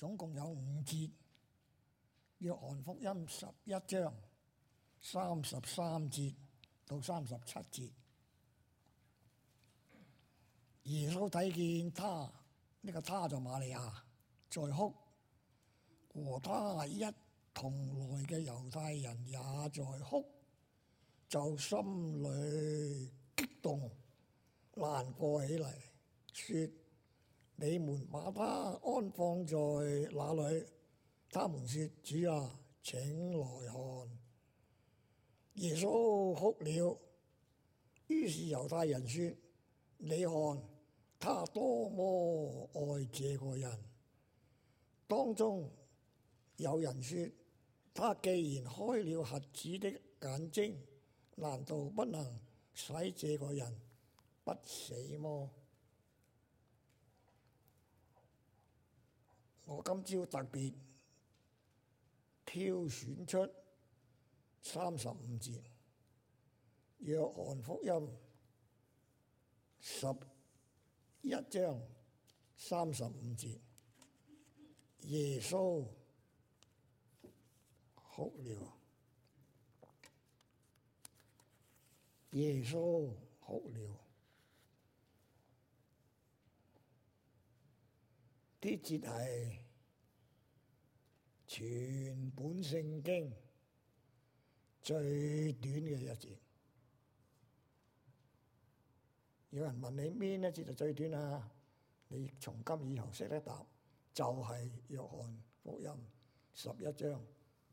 總共有五節，《約翰福音》十一章三十三節到三十七節。耶穌睇見他，呢、這個他就係瑪利亞在哭，和他一同來嘅猶太人也在哭，就心裡激動難過起嚟，說。你們把他安放在哪裡？他們說：主啊，請來看。耶穌哭了。於是猶太人說：你看他多麼愛這個人。當中有人說：他既然開了瞎子的眼睛，難道不能使這個人不死麼？我今朝特別挑選出三十五節《約翰福音》十一章三十五節，耶穌哭了，耶穌哭了。啲節係全本聖經最短嘅一節。有人問你邊一節係最短啊？你從今以後識得答，就係約翰福音十一章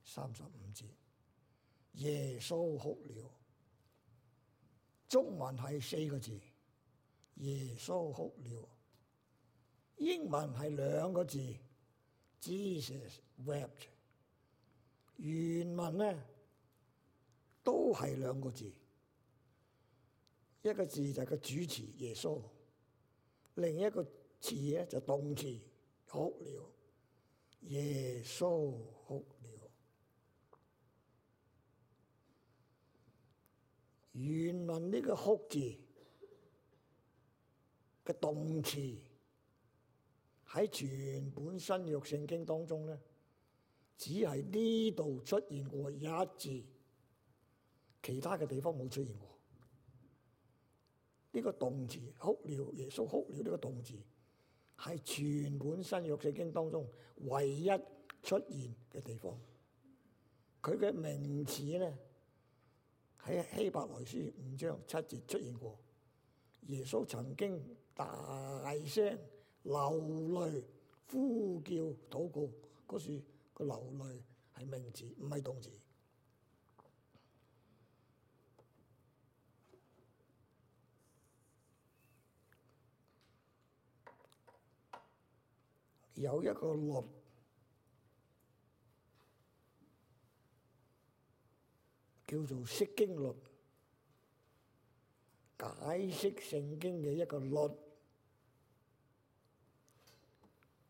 三十五節。耶穌哭了，中文係四個字：耶穌哭了。英文係兩個字，Jesus Wept。原文呢都係兩個字，一個字就係個主詞耶穌，另一個詞咧就動詞哭了。耶穌哭了。原文呢個哭字嘅動詞。喺全本新約聖經當中咧，只係呢度出現過一字，其他嘅地方冇出現過。呢、呢個動詞哭了，耶穌哭了。呢個動詞係全本新約聖經當中唯一出現嘅地方。佢嘅名詞咧，喺希伯來書五章七節出現過。耶穌曾經大聲流淚呼叫禱告，嗰時個流淚係名詞，唔係動詞。有一個律叫做釋經律，解釋聖經嘅一個律。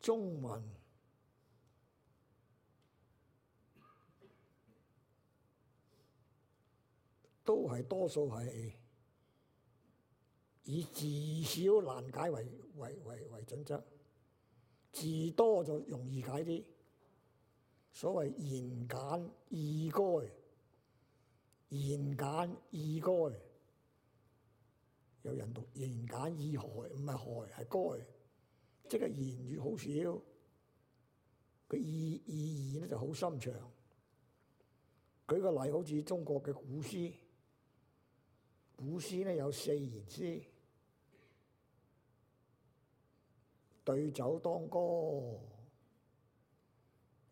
中文都係多數係以字少難解為為為為準則，字多就容易解啲。所謂言簡意該，言簡意該。有人讀言簡意害，唔係害，係該。即係言語好少，佢意意義咧就好深長。舉個例，好似中國嘅古詩，古詩呢有四言詩，《對酒當歌》，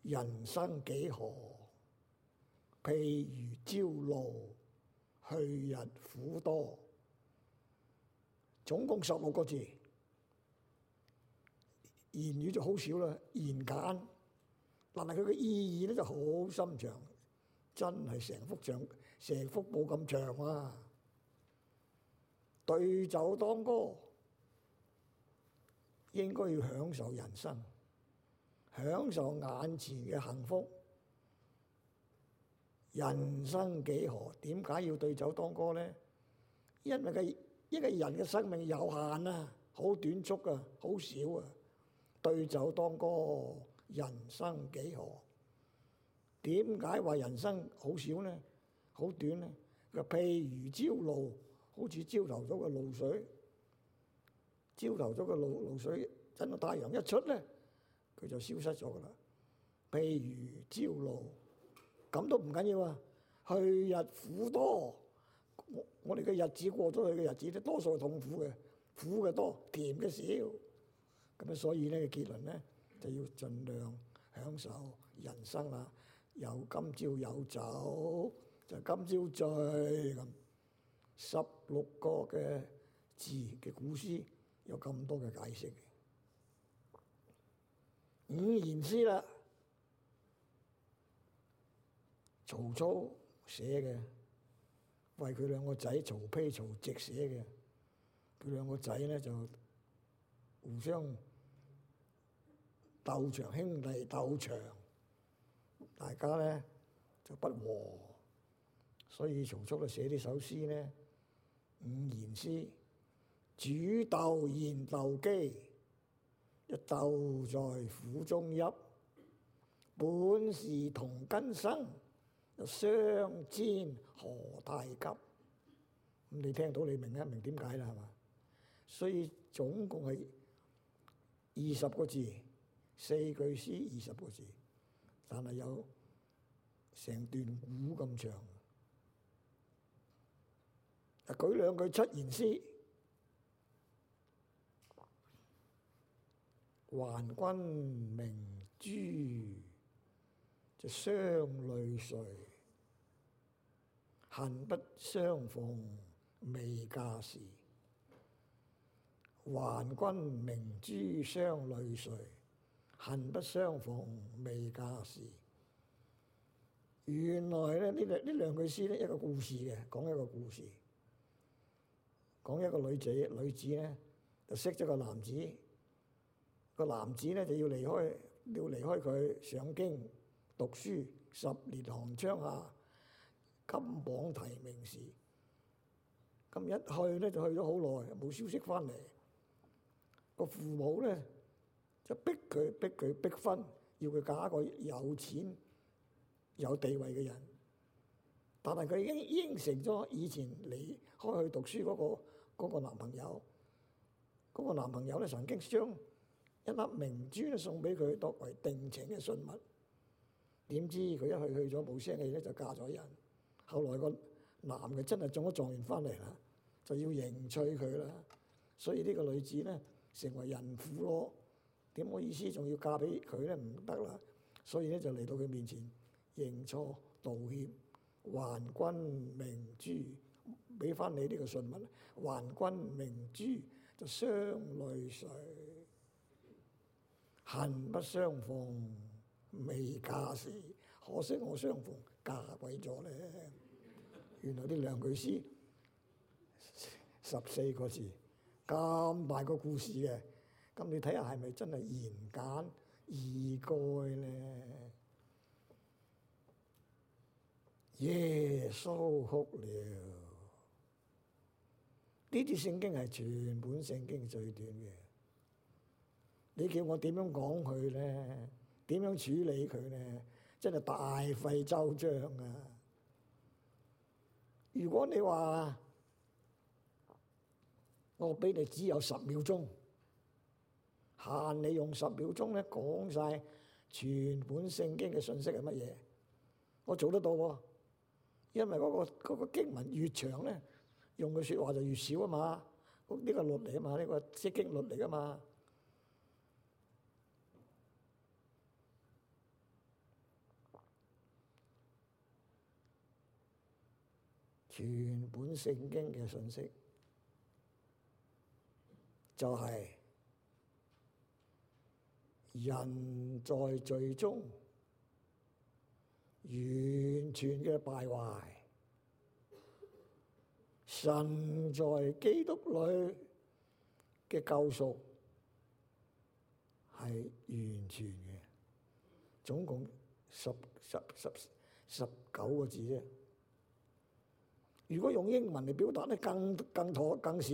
人生幾何？譬如朝露，去日苦多。總共十六個字。言語就好少啦，言簡，但係佢嘅意義咧就好深長，真係成幅長成幅布咁長啊！對酒當歌，應該要享受人生，享受眼前嘅幸福。人生幾何？點解要對酒當歌呢？因為佢一個人嘅生命有限啊，好短促啊，好少啊。對酒當歌，人生幾何？點解話人生好少呢？好短呢？譬如朝露，好似朝頭早嘅露水，朝頭早嘅露露水，真係太陽一出呢，佢就消失咗㗎喇。譬如朝露，咁都唔緊要啊。去日苦多，我我哋嘅日子過咗去嘅日子咧，多數係痛苦嘅，苦嘅多，甜嘅少。咁所以呢個結論呢，就要儘量享受人生啦。由今朝有酒，就今朝醉。咁十六個嘅字嘅古詩，有咁多嘅解釋。五言詩啦，曹操寫嘅，為佢兩個仔曹丕、曹植寫嘅。佢兩個仔呢，就互相，鬥牆兄弟鬥牆，大家咧就不和，所以曹操咧寫呢首詩咧《五言詩》，煮豆燃豆萁，一豆在釜中泣，本是同根生，相煎何太急？咁你聽到你明一明點解啦，係嘛？所以總共係二十個字。四句詩，二十個字，但係有成段古咁長。舉兩句七言詩，還君明珠就雙淚垂，恨不相逢未嫁時。還君明珠雙淚垂。恨不相逢未嫁時。原來咧呢兩呢兩句詩咧，一個故事嘅，講一個故事。講一個女仔女子咧就識咗個男子，個男子咧就要離開要離開佢上京讀書，十年寒窗下，金榜題名時。咁一去咧就去咗好耐，冇消息翻嚟。個父母咧。就逼佢逼佢逼婚，要佢嫁一個有錢有地位嘅人。但係佢已經應承咗以前離開去讀書嗰個嗰個男朋友，嗰個男朋友咧曾經將一粒明珠咧送俾佢，作為定情嘅信物。點知佢一去去咗冇聲氣咧，就嫁咗人。後來個男嘅真係中咗狀元翻嚟啦，就要迎娶佢啦。所以呢個女子咧成為人婦咯。點好意思？仲要嫁俾佢咧，唔得啦！所以咧就嚟到佢面前認錯道歉，還君明珠，俾翻你呢個信物。還君明珠就雙淚垂，恨不相逢未嫁時，可惜我相逢嫁鬼咗咧。原來呢兩句詩，十四個字，咁大個故事嘅。咁你睇下係咪真係言簡意該，言簡意賅咧？耶穌哭了，呢啲聖經係全本聖經最短嘅。你叫我點樣講佢咧？點樣處理佢咧？真係大費周章啊！如果你話我俾你只有十秒鐘。限你用十秒鐘，咧，講晒全本聖經嘅信息係乜嘢？我做得到喎、啊，因為嗰、那個嗰、那個、經文越長咧，用嘅説話就越少啊嘛。呢、這個律嚟啊嘛，呢、這個釋經律嚟噶嘛。全本聖經嘅信息就係、是。人在罪中完全嘅敗壞，神在基督裏嘅救贖係完全嘅。總共十十十十九個字啫。如果用英文嚟表達，呢更更妥更少。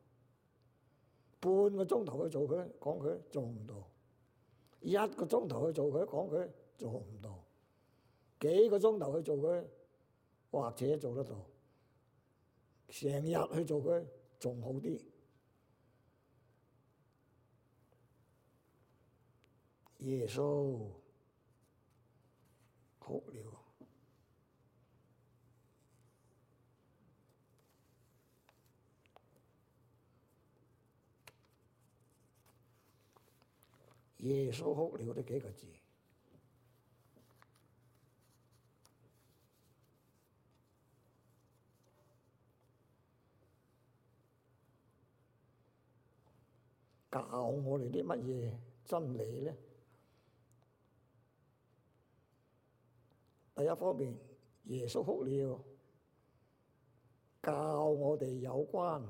半個鐘頭去做佢，講佢做唔到；一個鐘頭去做佢，講佢做唔到；幾個鐘頭去做佢，或者做得到。成日去做佢，仲好啲。耶穌哭了。耶穌哭了呢幾個字，教我哋啲乜嘢真理咧？第一方面，耶穌哭了，教我哋有關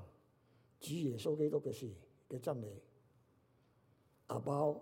主耶穌基督嘅事嘅真理。阿包。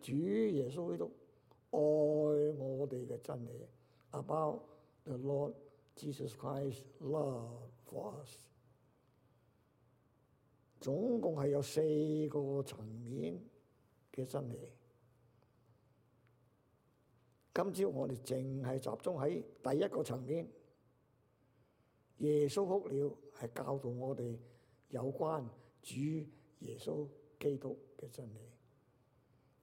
主耶穌基督愛我哋嘅真理，About the Lord Jesus Christ, love for us。總共係有四個層面嘅真理。今朝我哋淨係集中喺第一個層面。耶穌哭了，係教導我哋有關主耶穌基督嘅真理。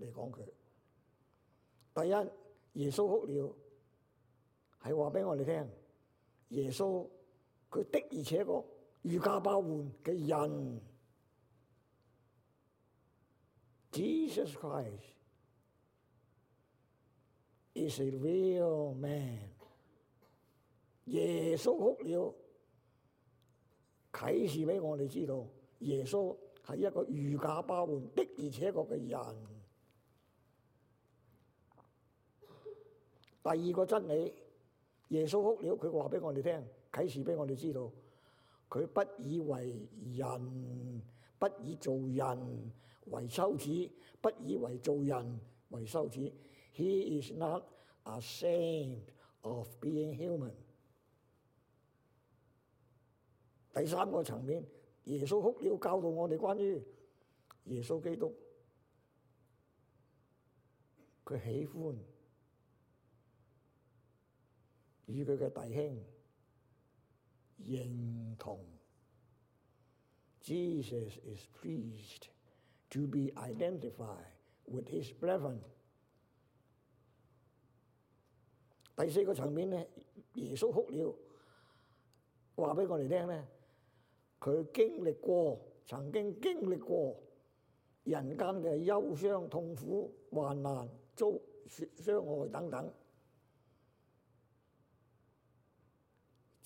嚟講佢第一，耶穌哭了，係話俾我哋聽，耶穌佢的而且確如假包換嘅人。Jesus Christ is a real man。耶穌哭了，啟示俾我哋知道，耶穌係一個如假包換的而且確嘅人。第二個真理，耶穌哭了，佢話俾我哋聽，啟示俾我哋知道，佢不以為人不以做人為羞恥，不以為做人為羞恥。He is not ashamed of being human。第三個層面，耶穌哭了，教導我哋關於耶穌基督，佢喜歡。與佢嘅弟兄認同。Jesus is pleased to be identified with his brethren。第四個層面呢，耶穌哭了，話俾我哋聽呢，佢經歷過，曾經經歷過人間嘅憂傷、痛苦、患難、遭傷害等等。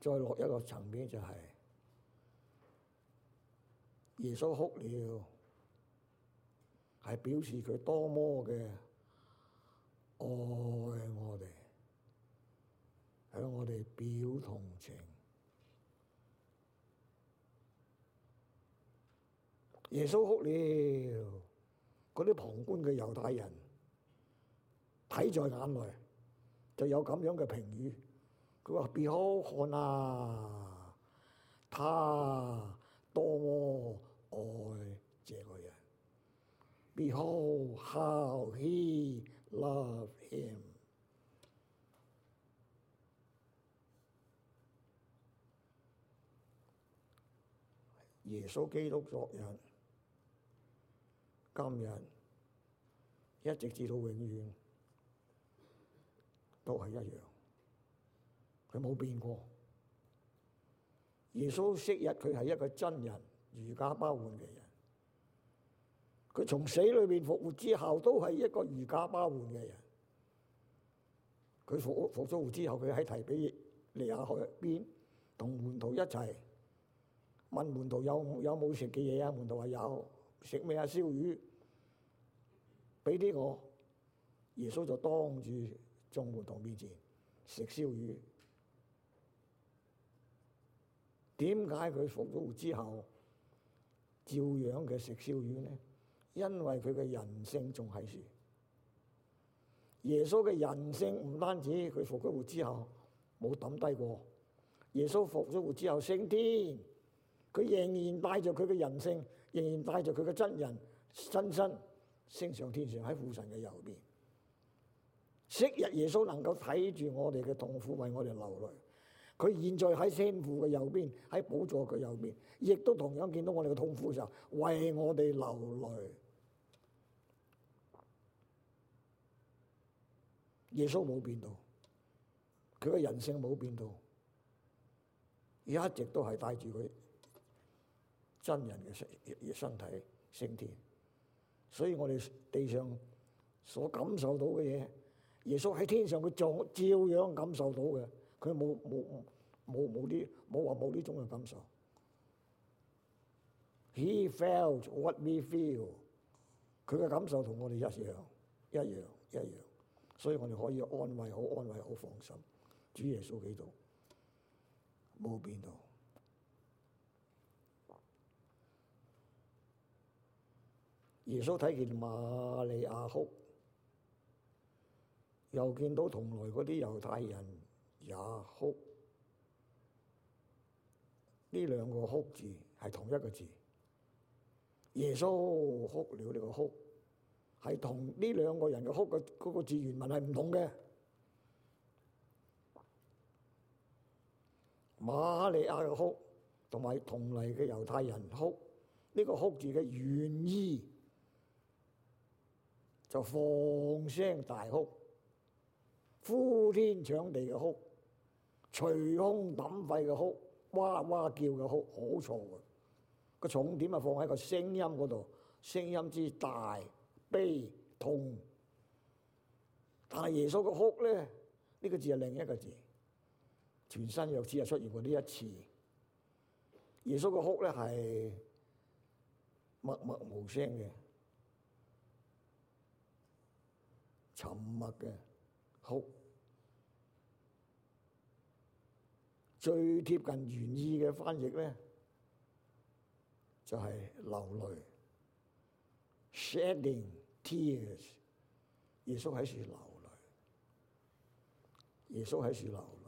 再落一個層面，就係耶穌哭了，係表示佢多麼嘅愛我哋，向我哋表同情。耶穌哭了，嗰啲旁觀嘅猶太人睇在眼內，就有咁樣嘅評語。佢話：Behold，看啊，他多麼愛這個人。Behold how he love him。耶穌基督昨日，今日一直至到永遠都係一樣。佢冇變過。耶穌昔日佢係一個真人，如假包換嘅人。佢從死裏邊復活之後，都係一個如假包換嘅人。佢復復咗活之後，佢喺提比利亞海入邊同門徒一齊問門徒有有冇食嘅嘢啊？門徒話有，食咩啊？燒魚。俾呢、呢個耶穌就當住眾門徒面前食燒魚。點解佢復咗活之後照樣嘅食燒魚呢？因為佢嘅人性仲喺樹。耶穌嘅人性唔單止佢復咗活之後冇抌低過，耶穌復咗活之後升天，佢仍然帶着佢嘅人性，仍然帶着佢嘅真人真身升上天上喺父神嘅右邊。昔日耶穌能夠睇住我哋嘅痛苦為我哋流淚。佢現在喺天父嘅右邊，喺寶座嘅右邊，亦都同樣見到我哋嘅痛苦嘅時候，為我哋流淚。耶穌冇變到，佢嘅人性冇變到，而一直都係帶住佢真人嘅身身體升天。所以我哋地上所感受到嘅嘢，耶穌喺天上佢照照樣感受到嘅。佢冇冇冇冇啲冇話冇呢種嘅感受。He felt what we feel。佢嘅感受同我哋一樣一,一樣一,一樣，所以我哋可以安慰好，安慰好放心。主耶穌基督，冇變到。耶穌睇見瑪利亞哭，又見到同來啲猶太人。也哭，呢兩個哭字係同一個字。耶穌哭了呢個哭，係同呢兩個人嘅哭嘅個字原文係唔同嘅。瑪利亞嘅哭，同埋同黎嘅猶太人哭，呢、這個哭字嘅原意，就放聲大哭，呼天搶地嘅哭。捶胸抌肺嘅哭，哇哇叫嘅哭，好嘈啊！個重點啊放喺個聲音嗰度，聲音之大悲痛。但係耶穌嘅哭咧，呢、這個字係另一個字，全身又只係出現過呢一次。耶穌嘅哭咧係默默無聲嘅，沉默嘅哭。最貼近原意嘅翻譯咧，就係、是、流淚。shedding tears，耶穌喺度流淚，耶穌喺度流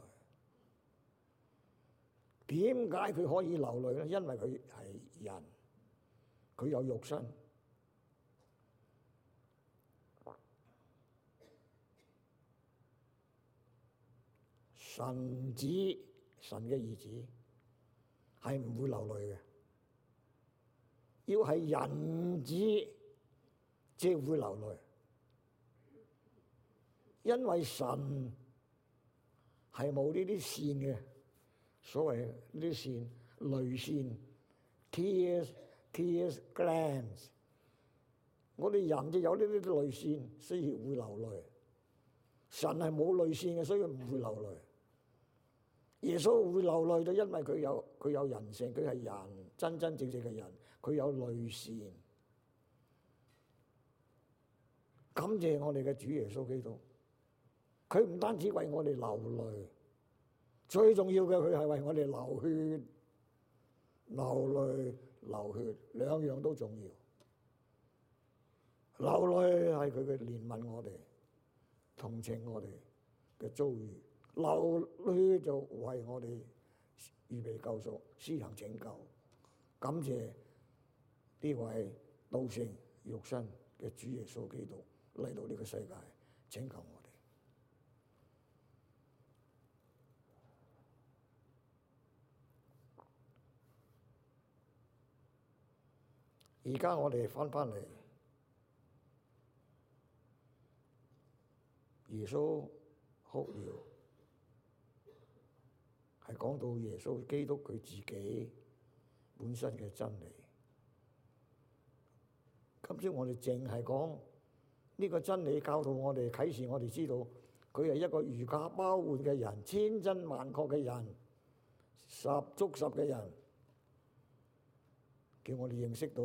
淚。點解佢可以流淚咧？因為佢係人，佢有肉身，甚至……神嘅兒子係唔會流淚嘅，要係人子，即會流淚，因為神係冇呢啲腺嘅，所謂呢啲腺，淚腺 tears tears glands，我哋人就有呢啲淚腺，所以會流淚。神係冇淚腺嘅，所以唔會流淚。耶穌會流淚，都因為佢有佢有人性，佢係人，真真正正嘅人，佢有淚腺。感謝我哋嘅主耶穌基督，佢唔單止為我哋流淚，最重要嘅佢係為我哋流血，流淚、流血，兩樣都重要。流淚係佢嘅憐憫我哋、同情我哋嘅遭遇。流淚就為我哋預備救贖、施行拯救。感謝呢位道成肉身嘅主耶穌基督嚟到呢個世界拯救我哋。而家我哋翻返嚟，耶穌哭了。講到耶穌基督佢自己本身嘅真理，今朝我哋淨係講呢個真理，教導我哋啟示我哋知道佢係一個如假包換嘅人，千真萬確嘅人，十足十嘅人，叫我哋認識到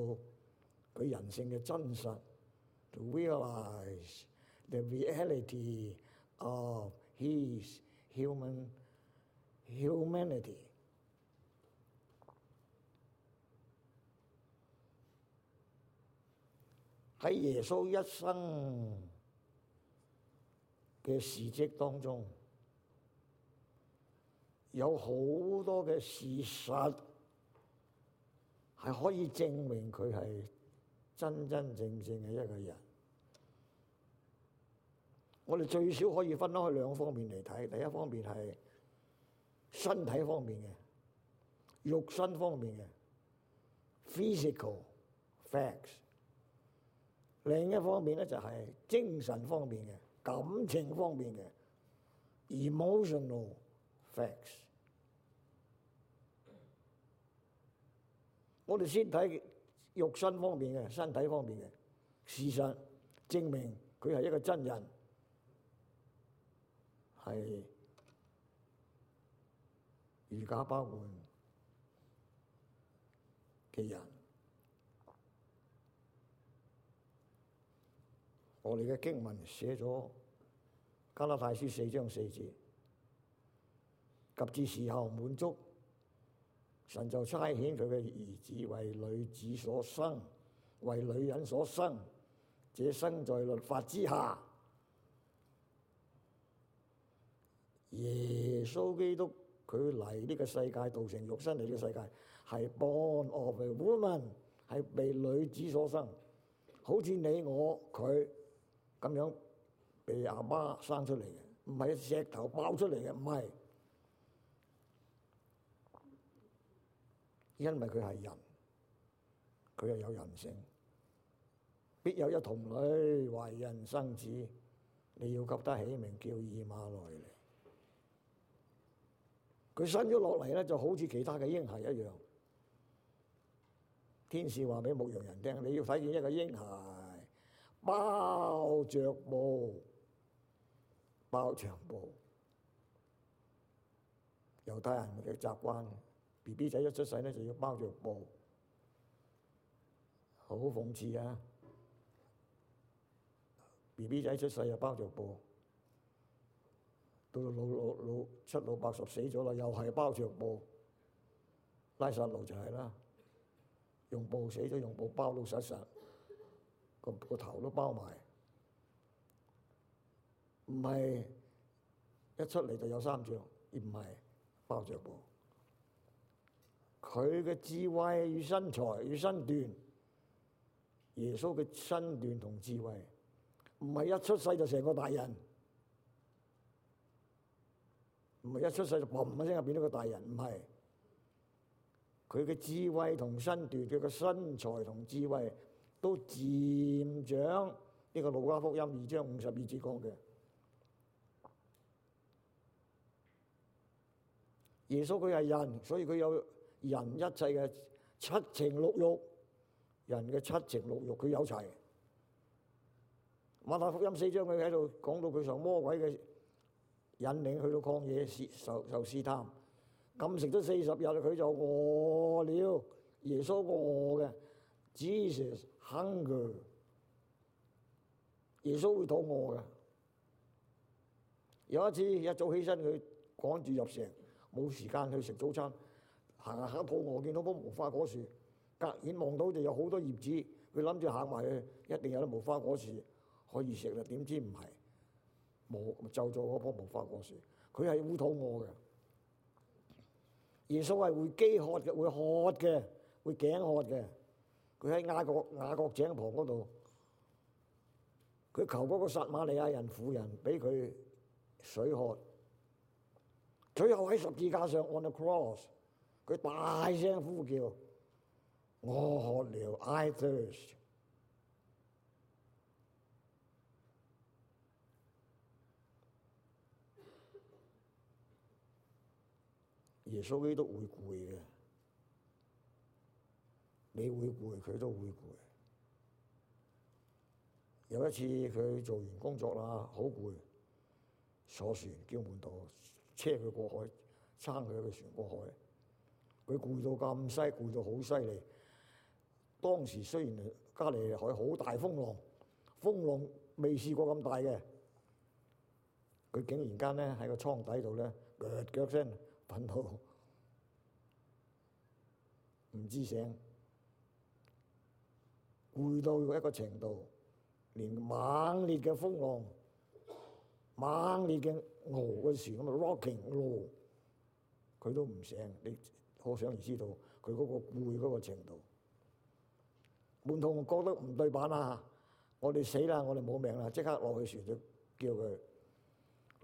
佢人性嘅真實。Humanity 喺耶穌一生嘅事蹟當中，有好多嘅事實係可以證明佢係真真正正嘅一個人。我哋最少可以分開兩方面嚟睇，第一方面係，身體方面嘅，肉身方面嘅，physical facts。另一方面咧就係、是、精神方面嘅，感情方面嘅，emotional facts。我哋先睇肉身方面嘅，身體方面嘅，事實證明佢係一個真人，係。如假包換嘅人，我哋嘅經文寫咗加拉太書四章四節，及至時候滿足，神就差遣佢嘅兒子為女子所生，為女人所生，這生在律法之下，耶穌基督。佢嚟呢個世界，道成肉身嚟呢個世界，係 born of a woman，係被女子所生，好似你我佢咁樣被阿媽生出嚟嘅，唔係石頭爆出嚟嘅，唔係，因為佢係人，佢又有人性，必有一童女懷孕生子，你要給得起名叫以馬內利。佢生咗落嚟咧，就好似其他嘅嬰孩一樣。天使話俾牧羊人聽，你要發現一個嬰孩包着布、包着布。猶太人嘅習慣，B B 仔一出世咧就要包着布，好諷刺啊！B B 仔出世就包着布。到老老老七老八十死咗啦，又係包着布，拉撒路就係啦，用布死咗，用布包到實實，個個頭都包埋，唔係一出嚟，就有三住，而唔係包着布。佢嘅智慧與身材與身段，耶穌嘅身段同智慧，唔係一出世就成個大人。唔係一出世就砰一聲就變咗個大人，唔係佢嘅智慧同身段，佢嘅身材同智慧都漸長。呢、這個路加福音二章五十二節講嘅。耶穌佢係人，所以佢有人一切嘅七情六欲，人嘅七情六欲，佢有齊。馬太福音四章佢喺度講到佢上魔鬼嘅。引領去到曠野試受受試探，禁食咗四十日，佢就餓了。耶穌餓嘅，Jesus hunger。耶穌會肚餓嘅。有一次一早起身，佢趕住入城，冇時間去食早餐，行下下肚餓，見到棵無花果樹，隔遠望到就有好多葉子，佢諗住行埋去，一定有啲無花果樹可以食啦。點知唔係。冇就做嗰樖無花果樹，佢係烏肚餓嘅。耶穌係會飢渴嘅，會渴嘅，會頸渴嘅。佢喺雅各雅各井旁嗰度，佢求嗰個撒瑪利亞人婦人俾佢水喝。最後喺十字架上 on the cross，佢大聲呼叫：我渴了，I thirst。耶穌基督都會攰嘅，你會攰，佢都會攰。有一次佢做完工作啦，好攰，坐船叫門徒，車佢過海，撐佢個船過海。佢攰到咁犀，攰到好犀利。當時雖然加利利海好大風浪，風浪未試過咁大嘅，佢竟然間咧喺個倉底度咧腳，腳聲。瞓到唔知醒，攰到一個程度，連猛烈嘅風浪、猛烈嘅搖嘅船咁啊 rocking，佢都唔醒。你可想而知到佢嗰個攰嗰個程度。門徒覺得唔對板啦，我哋死啦，我哋冇命啦，即刻落去船就叫佢。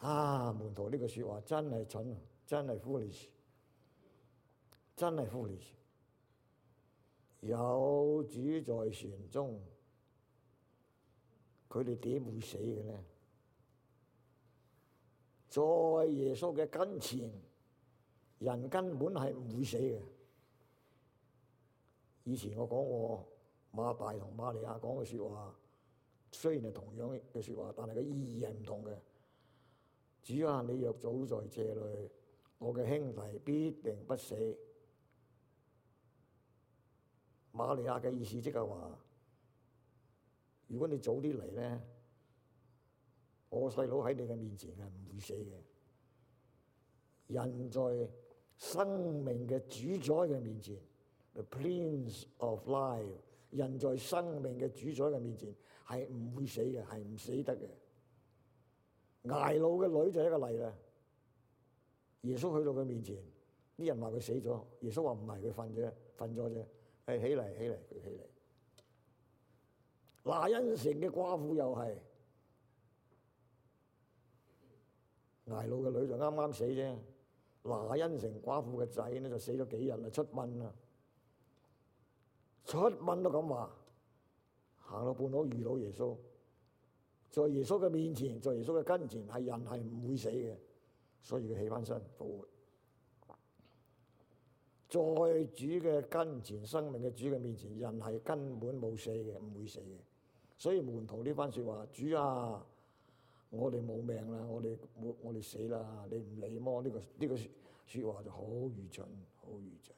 啊！門徒呢個説話真係蠢，真係 foolish，真係 foolish。有主在船中，佢哋點會死嘅呢？在耶穌嘅跟前，人根本係唔會死嘅。以前我講過，馬大同馬利亞講嘅説話，雖然係同樣嘅説話，但係個意義係唔同嘅。主啊！你若早在這裏，我嘅兄弟必定不死。瑪利亞嘅意思即係話：如果你早啲嚟咧，我細佬喺你嘅面前係唔會死嘅。人在生命嘅主宰嘅面前，the prince of life，人在生命嘅主宰嘅面前係唔會死嘅，係唔死得嘅。挨老嘅女就係一個例啦，耶穌去到佢面前，啲人話佢死咗，耶穌話唔係，佢瞓啫，瞓咗啫，佢起嚟，起嚟，佢起嚟。拿因城嘅寡婦又係，挨老嘅女就啱啱死啫，拿因城寡婦嘅仔呢就死咗幾日啦，出殯啦，出殯都咁話，行到半路遇到耶穌。在耶穌嘅面前，在耶穌嘅跟前，係人係唔會死嘅，所以佢起翻身復活。在主嘅跟前，生命嘅主嘅面前，人係根本冇死嘅，唔會死嘅。所以門徒呢番説話：主啊，我哋冇命啦，我哋我我哋死啦，你唔理麼？呢個呢個説話就好愚蠢，好愚蠢。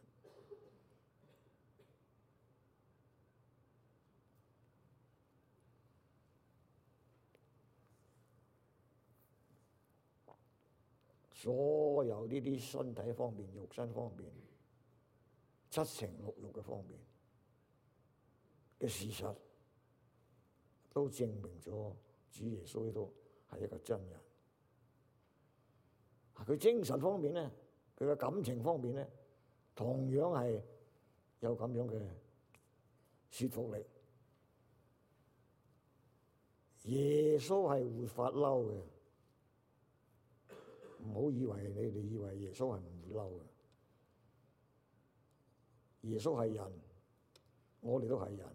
所有呢啲身體方面、肉身方面、七情六欲嘅方面嘅事實，都證明咗主耶穌呢度係一個真人。佢精神方面咧，佢嘅感情方面咧，同樣係有咁樣嘅說服力。耶穌係會發嬲嘅。唔好以為你哋以為耶穌係唔會嬲嘅，耶穌係人，我哋都係人。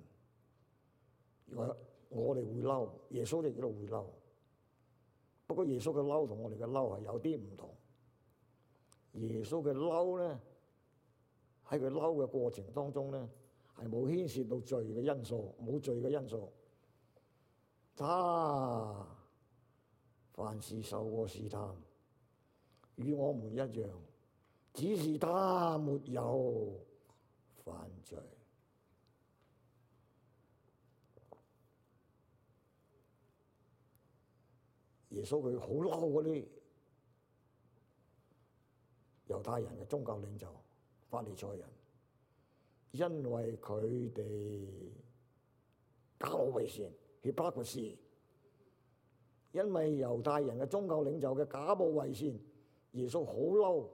如果我哋會嬲，耶穌亦都會嬲。不過耶穌嘅嬲同我哋嘅嬲係有啲唔同。耶穌嘅嬲咧，喺佢嬲嘅過程當中咧，係冇牽涉到罪嘅因素，冇罪嘅因素。他、啊、凡事受過試探。與我們一樣，只是他沒有犯罪。耶穌佢好嬲嗰啲猶太人嘅宗教領袖、法利賽人，因為佢哋假冒為善，去巴括事。因為猶太人嘅宗教領袖嘅假冒為善。耶穌好嬲，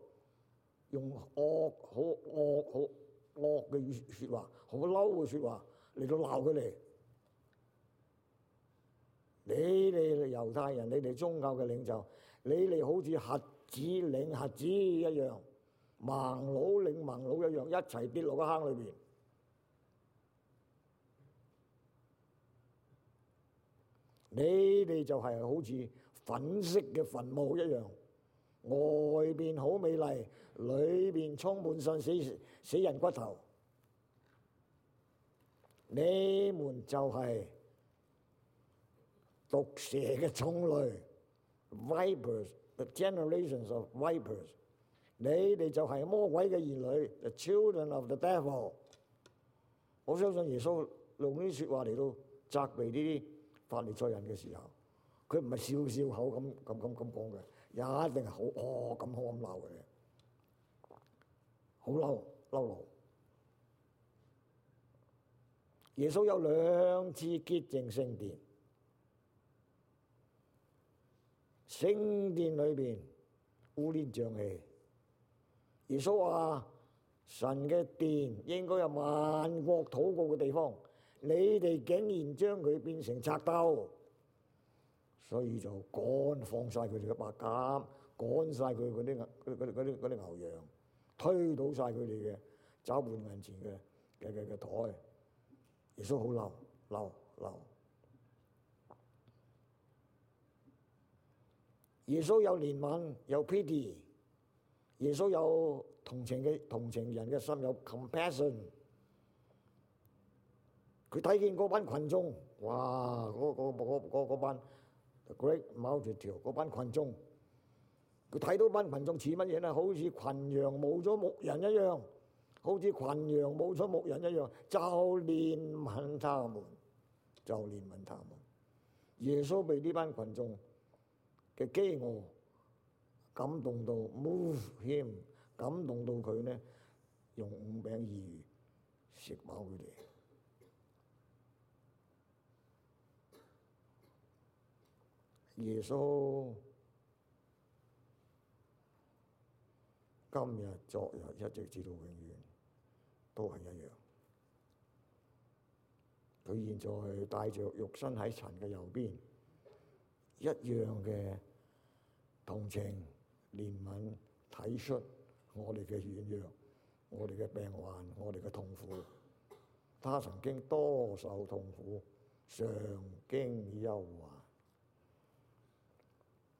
用惡、好惡、好惡嘅説話，好嬲嘅説話嚟到鬧佢哋。你哋猶太人，你哋宗教嘅領袖，你哋好似瞎子領瞎子一樣，盲佬領盲佬一樣，一齊跌落個坑裏邊。你哋就係好似粉飾嘅墳墓一樣。外邊好美麗，裏邊充滿晒死死人骨頭。你們就係毒蛇嘅種類，vipers。The generations of vipers。你哋就係魔鬼嘅兒女，the children of the devil。我相信耶穌用呢啲説話嚟到責備呢啲法利賽人嘅時候，佢唔係笑笑口咁咁咁咁講嘅。也一定係好哦咁好咁嬲嘅，好嬲嬲怒！耶穌有兩次潔淨聖殿，聖殿裏邊烏煙瘴氣。耶穌話：神嘅殿應該有萬國禱告嘅地方，你哋竟然將佢變成賊竇！所以就趕放曬佢哋嘅白鴿，趕曬佢嗰啲、嗰啲、嗰啲、嗰啲牛羊，推倒曬佢哋嘅，找換銀錢嘅嘅嘅嘅台。耶穌好嬲嬲嬲。耶穌有憐憫，有 pity。耶穌有同情嘅同情人嘅心，有 compassion。佢睇見嗰班羣眾，哇！嗰嗰嗰嗰嗰班。great multitude 嗰班羣眾，佢睇到班羣眾似乜嘢咧？好似羣羊冇咗牧人一樣，好似羣羊冇咗牧人一樣，就憐憫他們，就憐憫他們。耶穌被呢班羣眾嘅飢餓感動到，move him，感動到佢咧，用五餅二魚食飽佢哋。耶穌今日、昨日一直至到永遠都係一樣。佢現在帶着肉身喺神嘅右邊，一樣嘅同情、憐憫、體恤我哋嘅軟弱、我哋嘅病患、我哋嘅痛苦。他曾經多受痛苦，常經憂患。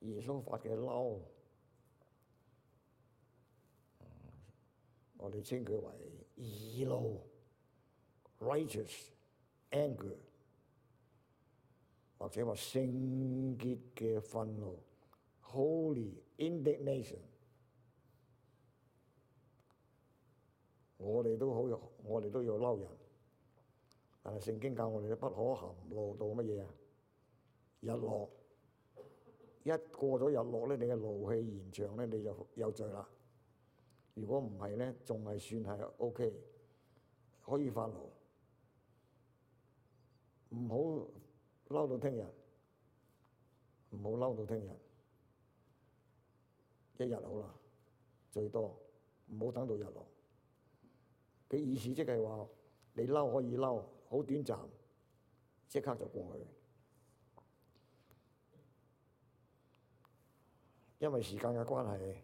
耶穌發嘅嬲，我哋稱佢為義怒 （righteous anger）。或者話聖潔嘅憤怒 （holy indignation）。我哋都好，我哋都要嬲人，但係聖經教我哋不可含怒到乜嘢啊？日落。一過咗日落咧，你嘅勞氣延長咧，你就有罪啦。如果唔係咧，仲係算係 OK，可以發勞。唔好嬲到聽日，唔好嬲到聽日，一日好啦，最多唔好等到日落。嘅意思即係話，你嬲可以嬲，好短暫，即刻就過去。因為時間嘅關係，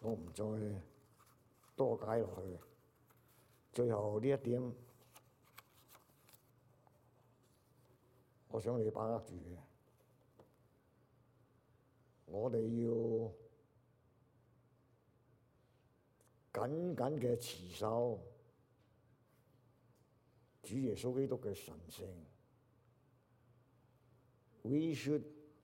我唔再多解落去。最後呢一點，我想你把握住嘅。我哋要緊緊嘅持守主耶穌基督嘅神性。We should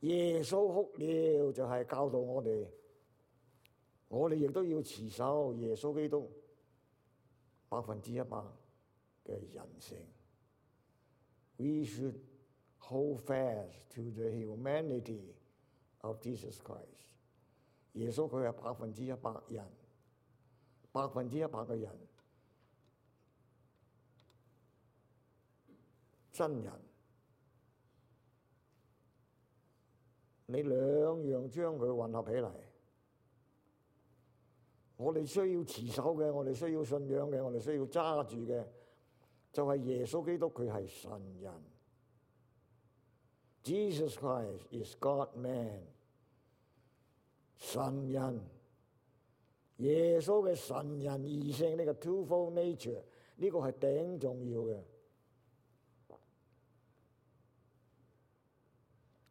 耶穌哭了，就係教導我哋，我哋亦都要持守耶穌基督百分之一百嘅人性。We should hold fast to the humanity of Jesus Christ。耶穌佢係百分之一百人，百分之一百嘅人，真人。你兩樣將佢混合起嚟，我哋需要持守嘅，我哋需要信仰嘅，我哋需要揸住嘅，就係、是、耶穌基督佢係神人。Jesus Christ is God-Man，神人。耶穌嘅神人二性呢個 two-fold nature，呢個係頂重要嘅。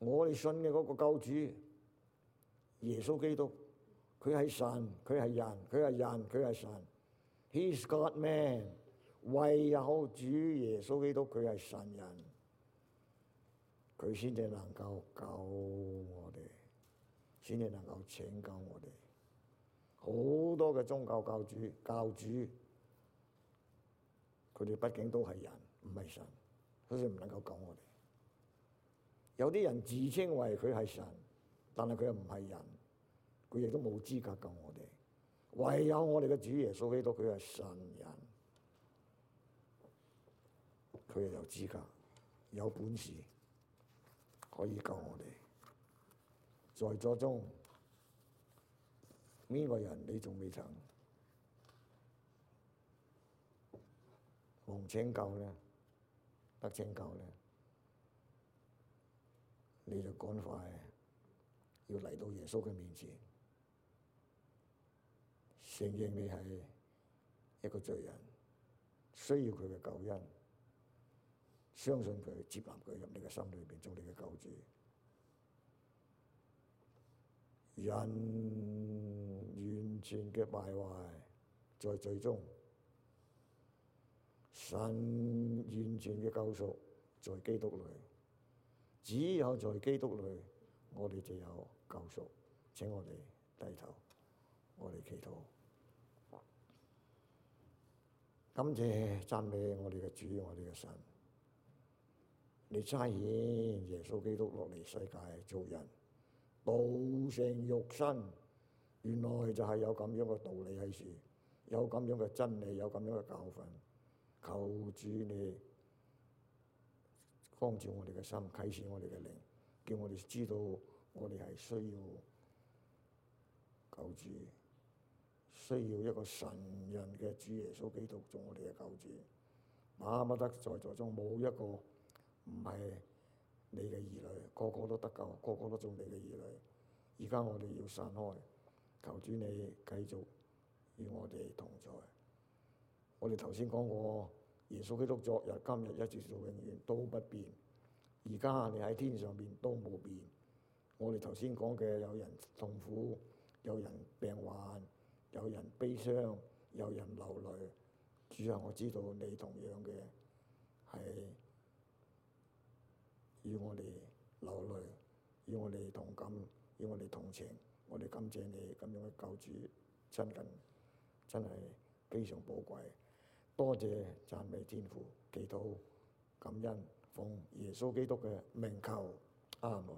我哋信嘅個教主耶穌基督，佢係神，佢係人，佢係人，佢係神。He's God man。唯有主耶穌基督，佢係神人，佢先至能夠救我哋，先至能夠拯救我哋。好多嘅宗教教主、教主，佢哋畢竟都係人，唔係神，佢哋唔能夠救我哋。有啲人自稱為佢係神，但係佢又唔係人，佢亦都冇資格救我哋。唯有我哋嘅主耶穌基督，佢係神人，佢又有資格、有本事可以救我哋。在座中呢個人你仲未曾，望拯救呢，得拯救呢。你就趕快要嚟到耶穌嘅面前，承認你係一個罪人，需要佢嘅救恩，相信佢，接納佢入你嘅心裏邊，做你嘅救主。人完全嘅敗壞在罪中，神完全嘅救贖在基督裏。只有在基督裏，我哋就有救贖。請我哋低頭，我哋祈禱，感謝讚美我哋嘅主，我哋嘅神。你差遣耶穌基督落嚟世界做人，道成肉身，原來就係有咁樣嘅道理喺處，有咁樣嘅真理，有咁樣嘅教訓，求主你。幫助我哋嘅心，啟示我哋嘅靈，叫我哋知道我哋係需要救主，需要一個神人嘅主耶穌基督做我哋嘅救主。阿伯得在座中冇一個唔係你嘅兒女，個個都得救，個個都做你嘅兒女。而家我哋要散開，求主你繼續與我哋同在。我哋頭先講過。耶穌基督，昨日、今日、一直到永遠都不變。而家你喺天上邊都冇變。我哋頭先講嘅，有人痛苦，有人病患，有人悲傷，有人流淚。主啊，我知道你同樣嘅，係與我哋流淚，與我哋同感，與我哋同情。我哋感謝你咁樣嘅救主親近，真係非常寶貴。多謝讚美天父，祈禱感恩，奉耶穌基督嘅名求，阿門。